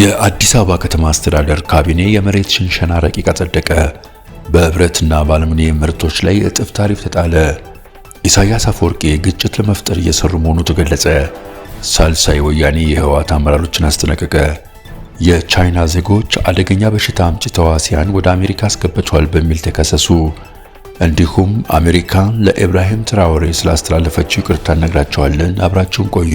የአዲስ አበባ ከተማ አስተዳደር ካቢኔ የመሬት ሽንሸና ረቂቅ አጸደቀ። በብረትና በአሉሚኒየም ምርቶች ላይ እጥፍ ታሪፍ ተጣለ። ኢሳያስ አፈወርቂ ግጭት ለመፍጠር እየሰሩ መሆኑ ተገለጸ። ሳልሳይ ወያኔ የህወሓት አመራሮችን አስጠነቀቀ። የቻይና ዜጎች አደገኛ በሽታ አምጪ ተዋሲያን ወደ አሜሪካ አስገብቷል በሚል ተከሰሱ። እንዲሁም አሜሪካ ለኢብራሂም ትራውሬ ስላስተላለፈችው ይቅርታ እነግራቸዋለን። አብራችሁን ቆዩ።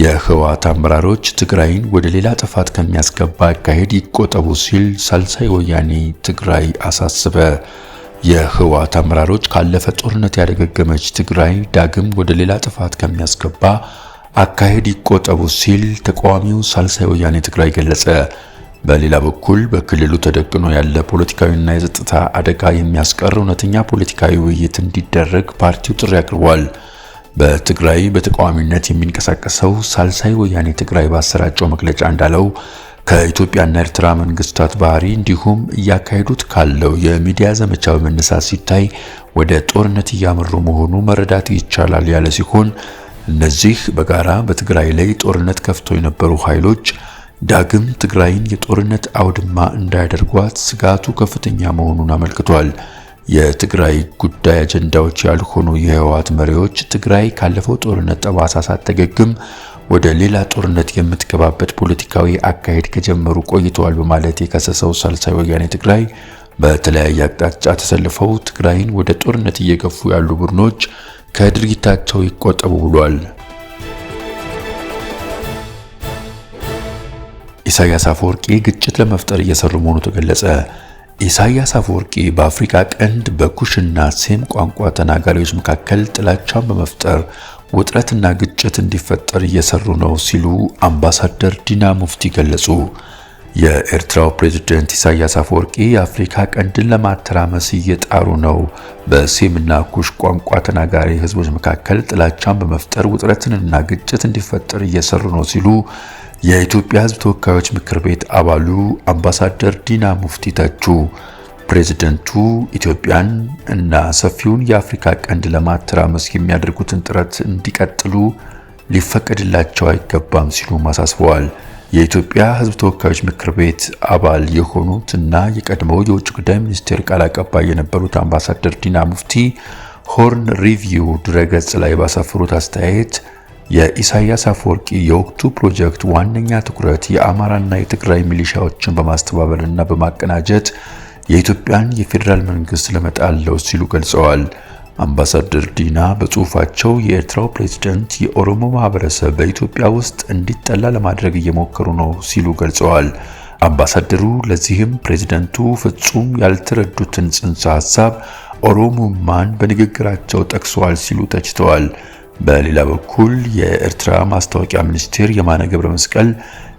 የህወሓት አመራሮች ትግራይን ወደ ሌላ ጥፋት ከሚያስገባ አካሄድ ይቆጠቡ ሲል ሳልሳይ ወያኔ ትግራይ አሳስበ። የህወሓት አመራሮች ካለፈ ጦርነት ያደገገመች ትግራይ ዳግም ወደ ሌላ ጥፋት ከሚያስገባ አካሄድ ይቆጠቡ ሲል ተቃዋሚው ሳልሳይ ወያኔ ትግራይ ገለጸ። በሌላ በኩል በክልሉ ተደቅኖ ያለ ፖለቲካዊና የጸጥታ አደጋ የሚያስቀር እውነተኛ ፖለቲካዊ ውይይት እንዲደረግ ፓርቲው ጥሪ አቅርቧል። በትግራይ በተቃዋሚነት የሚንቀሳቀሰው ሳልሳይ ወያኔ ትግራይ ባሰራጨው መግለጫ እንዳለው ከኢትዮጵያና ኤርትራ መንግስታት ባህሪ እንዲሁም እያካሄዱት ካለው የሚዲያ ዘመቻ በመነሳት ሲታይ ወደ ጦርነት እያመሩ መሆኑ መረዳት ይቻላል ያለ ሲሆን እነዚህ በጋራ በትግራይ ላይ ጦርነት ከፍተው የነበሩ ኃይሎች ዳግም ትግራይን የጦርነት አውድማ እንዳያደርጓት ስጋቱ ከፍተኛ መሆኑን አመልክቷል። የትግራይ ጉዳይ አጀንዳዎች ያልሆኑ የህወሓት መሪዎች ትግራይ ካለፈው ጦርነት ጠባሳ ሳትጠገግም ወደ ሌላ ጦርነት የምትገባበት ፖለቲካዊ አካሄድ ከጀመሩ ቆይተዋል በማለት የከሰሰው ሳልሳይ ወያኔ ትግራይ በተለያየ አቅጣጫ ተሰልፈው ትግራይን ወደ ጦርነት እየገፉ ያሉ ቡድኖች ከድርጊታቸው ይቆጠቡ ብሏል። ኢሳያስ አፈወርቂ ግጭት ለመፍጠር እየሰሩ መሆኑ ተገለጸ። ኢሳያስ አፈወርቂ በአፍሪካ ቀንድ በኩሽና ሴም ቋንቋ ተናጋሪዎች መካከል ጥላቻን በመፍጠር ውጥረትና ግጭት እንዲፈጠር እየሰሩ ነው ሲሉ አምባሳደር ዲና ሙፍቲ ገለጹ። የኤርትራው ፕሬዝዳንት ኢሳያስ አፈወርቂ የአፍሪካ ቀንድን ለማተራመስ እየጣሩ ነው። በሴምና ኩሽ ቋንቋ ተናጋሪ ህዝቦች መካከል ጥላቻን በመፍጠር ውጥረትንና ግጭት እንዲፈጠር እየሰሩ ነው ሲሉ የኢትዮጵያ ሕዝብ ተወካዮች ምክር ቤት አባሉ አምባሳደር ዲና ሙፍቲ ተቹ። ፕሬዝደንቱ ኢትዮጵያን እና ሰፊውን የአፍሪካ ቀንድ ለማተራመስ የሚያደርጉትን ጥረት እንዲቀጥሉ ሊፈቀድላቸው አይገባም ሲሉ አሳስበዋል። የኢትዮጵያ ሕዝብ ተወካዮች ምክር ቤት አባል የሆኑት እና የቀድሞው የውጭ ጉዳይ ሚኒስቴር ቃል አቀባይ የነበሩት አምባሳደር ዲና ሙፍቲ ሆርን ሪቪው ድረገጽ ላይ ባሰፈሩት አስተያየት የኢሳያስ አፈወርቂ የወቅቱ ፕሮጀክት ዋነኛ ትኩረት የአማራና የትግራይ ሚሊሻዎችን በማስተባበርና በማቀናጀት የኢትዮጵያን የፌዴራል መንግስት ለመጣል ነው ሲሉ ገልጸዋል። አምባሳደር ዲና በጽሁፋቸው የኤርትራው ፕሬዝደንት የኦሮሞ ማህበረሰብ በኢትዮጵያ ውስጥ እንዲጠላ ለማድረግ እየሞከሩ ነው ሲሉ ገልጸዋል። አምባሳደሩ ለዚህም ፕሬዝደንቱ ፍጹም ያልተረዱትን ጽንሰ ሀሳብ ኦሮሞማን በንግግራቸው ጠቅሰዋል ሲሉ ተችተዋል። በሌላ በኩል የኤርትራ ማስታወቂያ ሚኒስቴር የማነ ገብረ መስቀል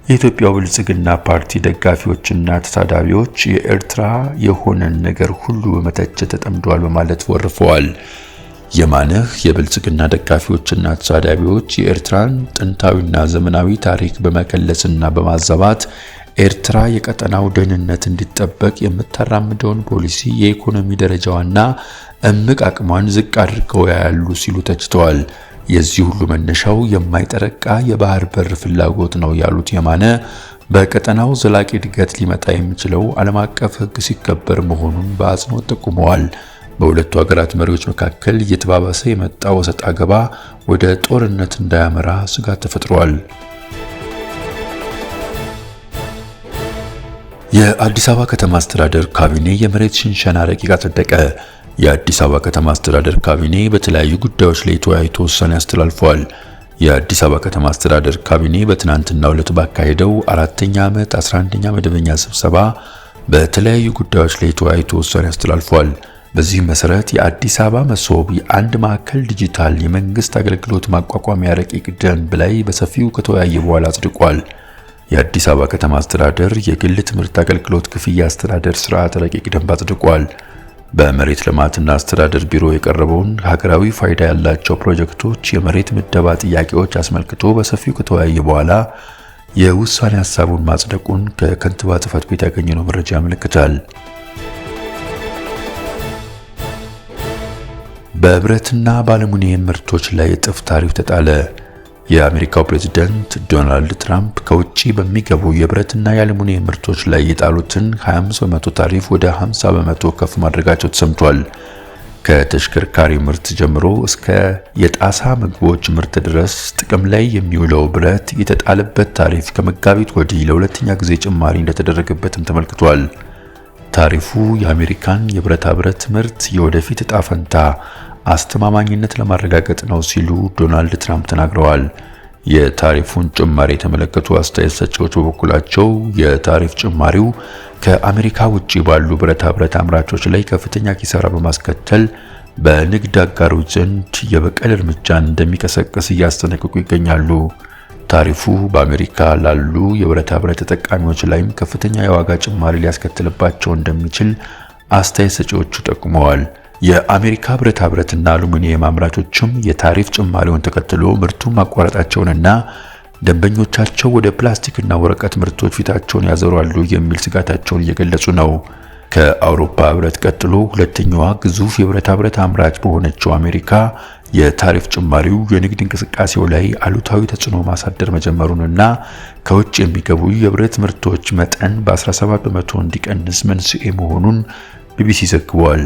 የኢትዮጵያው ብልጽግና ፓርቲ ደጋፊዎችና ተሳዳቢዎች የኤርትራ የሆነን ነገር ሁሉ በመተቸት ተጠምደዋል በማለት ወርፈዋል። የማነህ የብልጽግና ደጋፊዎችና ተሳዳቢዎች የኤርትራን ጥንታዊና ዘመናዊ ታሪክ በመከለስና በማዛባት ኤርትራ የቀጠናው ደህንነት እንዲጠበቅ የምታራምደውን ፖሊሲ የኢኮኖሚ ደረጃዋና እምቅ አቅሟን ዝቅ አድርገው ያያሉ ሲሉ ተችተዋል። የዚህ ሁሉ መነሻው የማይጠረቃ የባህር በር ፍላጎት ነው ያሉት የማነ በቀጠናው ዘላቂ እድገት ሊመጣ የሚችለው ዓለም አቀፍ ሕግ ሲከበር መሆኑን በአጽንኦት ጠቁመዋል። በሁለቱ ሀገራት መሪዎች መካከል እየተባባሰ የመጣው ወሰጥ አገባ ወደ ጦርነት እንዳያመራ ስጋት ተፈጥሯል። የአዲስ አበባ ከተማ አስተዳደር ካቢኔ የመሬት ሽንሸና ረቂቅ አጸደቀ። የአዲስ አበባ ከተማ አስተዳደር ካቢኔ በተለያዩ ጉዳዮች ላይ ተወያይቶ ውሳኔ አስተላልፏል። የአዲስ አበባ ከተማ አስተዳደር ካቢኔ በትናንትናው ዕለት ባካሄደው አራተኛ ዓመት 11ኛ መደበኛ ስብሰባ በተለያዩ ጉዳዮች ላይ ተወያይቶ ውሳኔ አስተላልፏል። በዚህ መሰረት የአዲስ አበባ መሶብ የአንድ ማዕከል ዲጂታል የመንግስት አገልግሎት ማቋቋሚያ ረቂቅ ደንብ ላይ በሰፊው ከተወያየ በኋላ አጽድቋል። የአዲስ አበባ ከተማ አስተዳደር የግል ትምህርት አገልግሎት ክፍያ አስተዳደር ስርዓት ረቂቅ ደንብ አጽድቋል። በመሬት ልማትና አስተዳደር ቢሮ የቀረበውን ሀገራዊ ፋይዳ ያላቸው ፕሮጀክቶች የመሬት ምደባ ጥያቄዎች አስመልክቶ በሰፊው ከተወያየ በኋላ የውሳኔ ሀሳቡን ማጽደቁን ከከንቲባ ጽፈት ቤት ያገኘነው መረጃ ያመለክታል። በብረትና በአሉሚኒየም ምርቶች ላይ እጥፍ ታሪፍ ተጣለ። የአሜሪካው ፕሬዝዳንት ዶናልድ ትራምፕ ከውጭ በሚገቡ የብረትና የአልሙኒየም ምርቶች ላይ የጣሉትን 25 በመቶ ታሪፍ ወደ 50 በመቶ ከፍ ማድረጋቸው ተሰምቷል። ከተሽከርካሪ ምርት ጀምሮ እስከ የጣሳ ምግቦች ምርት ድረስ ጥቅም ላይ የሚውለው ብረት የተጣለበት ታሪፍ ከመጋቢት ወዲህ ለሁለተኛ ጊዜ ጭማሪ እንደተደረገበትም ተመልክቷል። ታሪፉ የአሜሪካን የብረታ ብረት ምርት የወደፊት እጣ ፈንታ አስተማማኝነት ለማረጋገጥ ነው ሲሉ ዶናልድ ትራምፕ ተናግረዋል። የታሪፉን ጭማሪ የተመለከቱ አስተያየት ሰጪዎች በበኩላቸው የታሪፍ ጭማሪው ከአሜሪካ ውጭ ባሉ ብረታ ብረት አምራቾች ላይ ከፍተኛ ኪሳራ በማስከተል በንግድ አጋሮች ዘንድ የበቀል እርምጃን እንደሚቀሰቅስ እያስጠነቀቁ ይገኛሉ። ታሪፉ በአሜሪካ ላሉ የብረታ ብረት ተጠቃሚዎች ላይም ከፍተኛ የዋጋ ጭማሪ ሊያስከትልባቸው እንደሚችል አስተያየት ሰጪዎቹ ጠቁመዋል። የአሜሪካ ብረታ ብረትና አሉሚኒየም አምራቾችም የታሪፍ ጭማሪውን ተከትሎ ምርቱን ማቋረጣቸውንና ደንበኞቻቸው ወደ ፕላስቲክና ወረቀት ምርቶች ፊታቸውን ያዘሯሉ የሚል ስጋታቸውን እየገለጹ ነው። ከአውሮፓ ህብረት ቀጥሎ ሁለተኛዋ ግዙፍ የብረታ ብረት አምራች በሆነችው አሜሪካ የታሪፍ ጭማሪው የንግድ እንቅስቃሴው ላይ አሉታዊ ተጽዕኖ ማሳደር መጀመሩንና ከውጭ የሚገቡ የብረት ምርቶች መጠን በ17 በመቶ እንዲቀንስ መንስኤ መሆኑን ቢቢሲ ዘግቧል።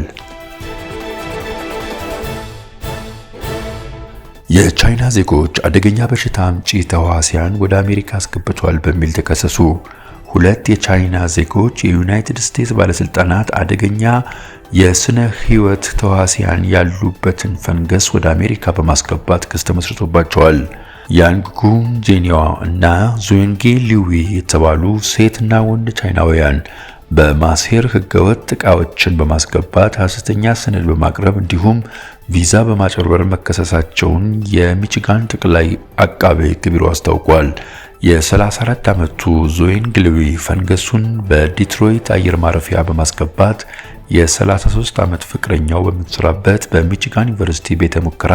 የቻይና ዜጎች አደገኛ በሽታ አምጪ ተዋሲያን ወደ አሜሪካ አስገብቷል በሚል ተከሰሱ። ሁለት የቻይና ዜጎች የዩናይትድ ስቴትስ ባለስልጣናት አደገኛ የስነ ህይወት ተዋሲያን ያሉበትን ፈንገስ ወደ አሜሪካ በማስገባት ክስ ተመስርቶባቸዋል። ያንጉንግ ጄኒዋ እና ዙንጌ ሊዊ የተባሉ ሴትና ወንድ ቻይናውያን በማስሄር ህገወጥ እቃዎችን በማስገባት ሐሰተኛ ሰነድ በማቅረብ እንዲሁም ቪዛ በማጭበርበር መከሰሳቸውን የሚችጋን ጠቅላይ አቃቤ ህግ ቢሮ አስታውቋል። የ34 ዓመቱ ዞይን ግልዊ ፈንገሱን በዲትሮይት አየር ማረፊያ በማስገባት የ33 ዓመት ፍቅረኛው በምትሰራበት በሚችጋን ዩኒቨርሲቲ ቤተ ሙከራ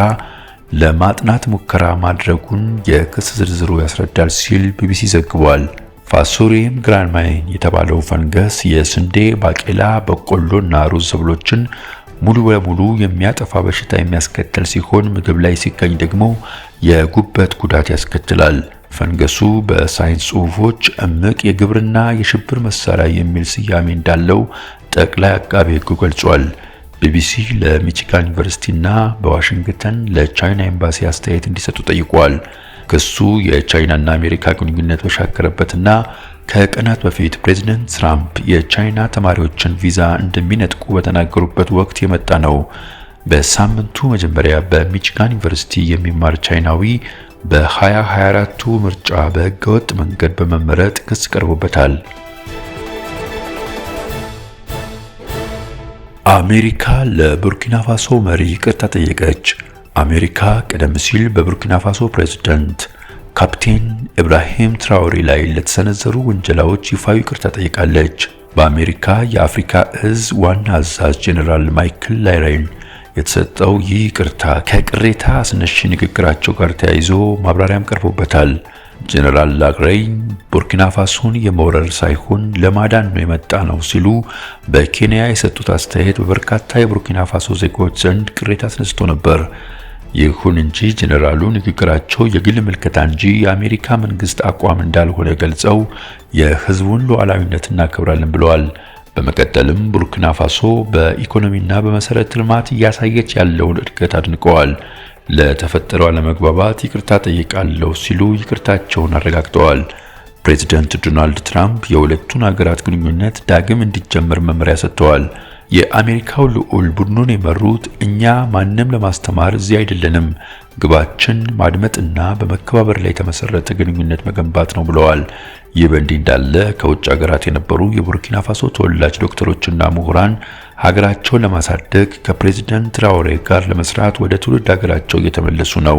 ለማጥናት ሙከራ ማድረጉን የክስ ዝርዝሩ ያስረዳል ሲል ቢቢሲ ዘግቧል። ፋሱሪም ግራንማይን የተባለው ፈንገስ የስንዴ፣ ባቄላ፣ በቆሎና ሩዝ ሰብሎችን ሙሉ በሙሉ የሚያጠፋ በሽታ የሚያስከትል ሲሆን ምግብ ላይ ሲገኝ ደግሞ የጉበት ጉዳት ያስከትላል። ፈንገሱ በሳይንስ ጽሑፎች እምቅ የግብርና የሽብር መሳሪያ የሚል ስያሜ እንዳለው ጠቅላይ አቃቤ ሕጉ ገልጿል። ቢቢሲ ለሚቺጋን እና በዋሽንግተን ለቻይና ኤምባሲ አስተያየት እንዲሰጡ ጠይቋል። ክሱ የቻይናና አሜሪካ ግንኙነት በሻከረበትና ከቀናት በፊት ፕሬዝደንት ትራምፕ የቻይና ተማሪዎችን ቪዛ እንደሚነጥቁ በተናገሩበት ወቅት የመጣ ነው። በሳምንቱ መጀመሪያ በሚችጋን ዩኒቨርሲቲ የሚማር ቻይናዊ በ2024ቱ ምርጫ በህገወጥ መንገድ በመመረጥ ክስ ቀርቦበታል። አሜሪካ ለቡርኪና ፋሶ መሪ ይቅርታ ጠየቀች። አሜሪካ ቀደም ሲል በቡርኪና ፋሶ ፕሬዝዳንት ካፕቴን ኢብራሂም ትራውሬ ላይ ለተሰነዘሩ ወንጀላዎች ይፋዊ ይቅርታ ጠይቃለች። በአሜሪካ የአፍሪካ እዝ ዋና አዛዥ ጄኔራል ማይክል ላይራይን የተሰጠው ይህ ይቅርታ ከቅሬታ አስነሽ ንግግራቸው ጋር ተያይዞ ማብራሪያም ቀርቦበታል። ጄኔራል ላግሬይን ቡርኪና ፋሶን የመውረር ሳይሆን ለማዳን ነው የመጣ ነው ሲሉ በኬንያ የሰጡት አስተያየት በበርካታ የቡርኪና ፋሶ ዜጎች ዘንድ ቅሬታ አስነስቶ ነበር። ይሁን እንጂ ጀኔራሉ ንግግራቸው የግል ምልከታ እንጂ የአሜሪካ መንግስት አቋም እንዳልሆነ ገልጸው የህዝቡን ሉዓላዊነት እናከብራለን ብለዋል። በመቀጠልም ቡርኪና ፋሶ በኢኮኖሚና በመሰረተ ልማት እያሳየች ያለውን እድገት አድንቀዋል። ለተፈጠረው አለመግባባት ይቅርታ ጠይቃለሁ ሲሉ ይቅርታቸውን አረጋግጠዋል። ፕሬዚደንት ዶናልድ ትራምፕ የሁለቱን ሀገራት ግንኙነት ዳግም እንዲጀመር መመሪያ ሰጥተዋል። የአሜሪካው ልዑል ቡድኑን የመሩት እኛ ማንም ለማስተማር እዚህ አይደለንም፣ ግባችን ማድመጥና በመከባበር ላይ የተመሰረተ ግንኙነት መገንባት ነው ብለዋል። ይህ በእንዲህ እንዳለ ከውጭ ሀገራት የነበሩ የቡርኪና ፋሶ ተወላጅ ዶክተሮችና ምሁራን ሀገራቸውን ለማሳደግ ከፕሬዝዳንት ትራውሬ ጋር ለመስራት ወደ ትውልድ ሀገራቸው እየተመለሱ ነው።